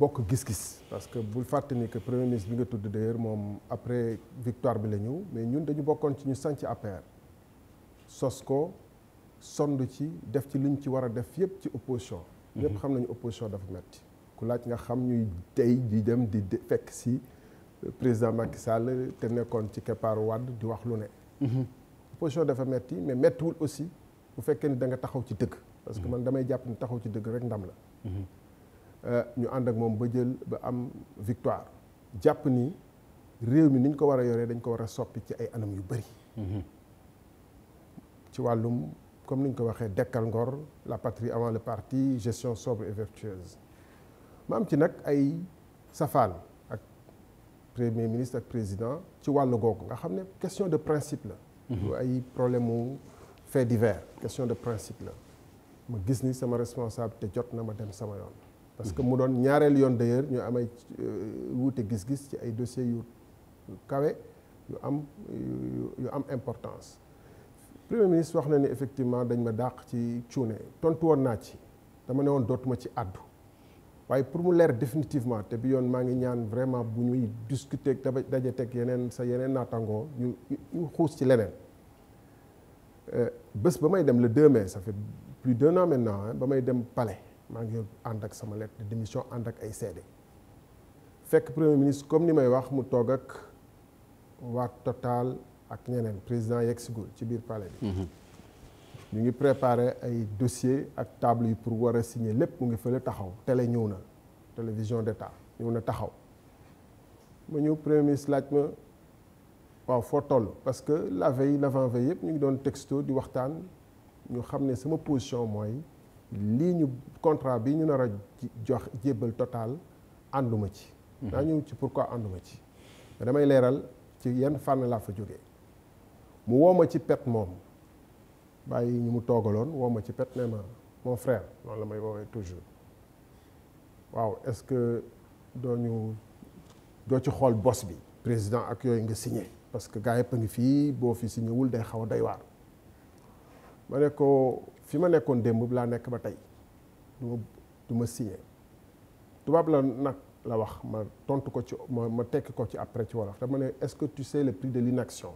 bokk gis-gis parce que bul fàtte ni que premier ministre bi nga tudd d'ailleurs moom après victoire bi la ñëw mais ñun dañu bokkoon ci ñu sanc APR sos ko sond ci def ci liñ ci war a def yëpp ci opposition mhm. ñëpp xam nañu opposition dafa metti ku laaj nga xam ñuy tey di jëm di fekk si euh, président Macky Sall te nekkoon ci keppaaru Wade di wax lu ne mhm. opposition dafa metti mais mettiwul aussi bu fekkee ni da nga taxaw ci dëgg parce que mhm. man damay jàpp taxaw ci dëgg rek ndam la Euh, ñu ànd ak moom ba jël ba am victoire jàpp ni réew mi ni ko war a yoree dañ ko war a soppi ci ay anam yu bëri. Mhm. ci wàllum comme ni ñu ko waxee dekkal ngor la patrie avant le parti gestion sobre et vertueuse ma am ci nag ay safaan ak premier ministre ak président ci wàll googu nga xam ne question de principe la. Mhm. lu ay problème mu fait divers question de principe la ma gis ni sama responsable te jot na ma dem sama yoon. parce que mu doon ñaareel yoon d'ailleurs ñu am ay euh, wuute gis-gis ci ay dossiers yu kawe yu am yu am importance premier ministre wax na ni effectivement dañ ma dàq ci cuune tontu woon naa ci dama ne woon dootuma ci àddu waaye pour mu leer définitivement te bi yoon maa ngi ñaan vraiment bu ñuy discuter daje teg yeneen sa yeneen naatangoo ñu ñu xuus ci leneen euh, bés ba may dem le 2 mai ça fait plus d'un an maintenant ba may dem pale maa ngi yor ànd ak sama lettre de ànd ak ay seede fekk premier ministre comme ni may wax mu toog ak waa Total ak ñeneen président yegg sigul ci biir palais bi. Mhm. ñu ngi préparé ay dossier ak table yi pour war a signer lépp mu ngi fële taxaw tele ñëw na télévision d'État ñëw na taxaw ma ñëw premier ministre laaj ma waaw foo toll parce que la veille l'avant-veille yëpp ñu ngi doon texto di waxtaan ñu xam ne sama position mooy. lii ñu contrat bi ñu nar a jox jébbal total ànduma ci. daa mhm. ñëw ci pourquoi ànduma ci. damay leeral ci yenn fànn laa fa jóge mu woo ma ci pet moom bàyyi ñu mu toogaloon woo ma ci pet nee ma mon frère noonu la may woowee toujours waaw est-ce que doo ñu doo ci xool bos bi président ak yooyu nga signé parce que gaa yëpp a ngi fii boo fi signé day xaw a doy waar. ma ne ko fi ma nekkoon démb laa nekk ba tey du ma du ma signé tubaab la nag la wax ma tontu ko ci ma ma tekki ko ci après ci wolof ma ne est-ce que tu sais le prix de l'inaction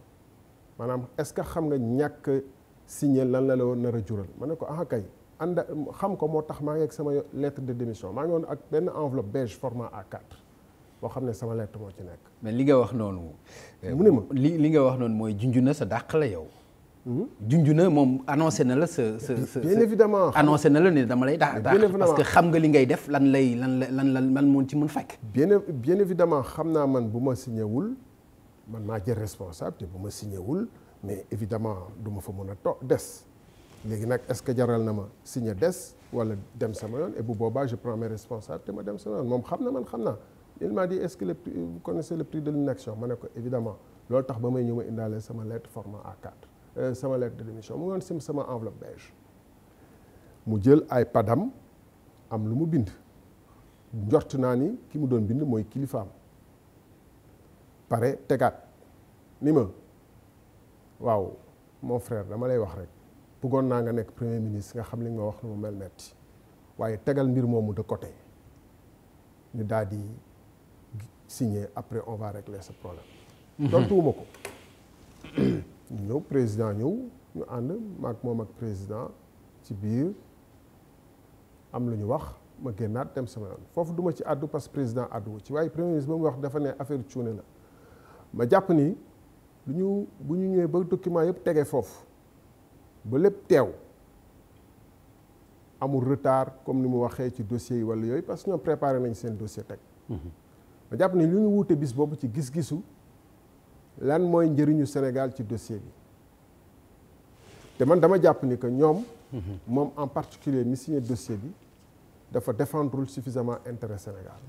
maanaam est-ce que xam nga ñàkk signé lan la la woon nar jural ma ne ko ah kay ànd xam ko moo tax maa ngi sama lettre de démission maa ngi woon ak benn enveloppe beige format A4 boo xam ne sama lettre moo ci nekk. mais li nga wax noonu. mu ne ma li li nga wax noonu mooy junju na sa dàq la yow. junju na moom annoncé na la sa sa sa. bien évidemment annoncé na la ne dama lay. daax daax parce que xam nga li ngay def lan lay lan lan lan lan moo ci mën fekk. bien bien évidemment xam naa man bu ma signé man maa jël responsable te bu ma signé wul mais évidemment du ma fa mën a to des. léegi nag est-ce que jaral na ma signé des wala dem sama yoon et bu boobaa je prends mes te ma dem sama yoon moom xam na man xam naa il m'a dit est-ce que le prix vous connaissez ma ne ko évidemment loolu tax ba may ñëw ma indaale sama lettre format Euh, sama lettre de démission mu ngi woon sama enveloppe beige mu jël ay padam am lu mu bind njort naa ni ki mu doon bind mooy kilifaam pare tegaat ni ma waaw mon frère dama lay wax rek bëggoon naa nga nekk premier ministre nga xam li nga wax lu mu mel metti waaye tegal mbir moomu de côté ñu daal di signer après on va régler ce problème. Mhm. tontuwuma ko. ñu ñëw président ñëw ñu ànd maag moom ak président ci biir am lu ñu wax ma génnaat dem sama foofu duma ci àddu parce que président àddu ci waaye premier ministre ba mu wax dafa ne affaire cuune la ma jàpp ni lu ñu bu ñu ñëwee ba document yëpp tege foofu ba lépp teew amul retard comme ni mu waxee ci dossiers yi walla yooyu parce que ñoom préparé nañ seen dossier teg mhm. ma jàpp ni lu ñu wuute bis boobu ci gis-gisu lan mooy njëriñu Sénégal ci dossier bi te man dama jàpp ni que ñoom mhm. moom en particulier mi signé dossier bi dafa défendrul suffisament intérêt Sénégal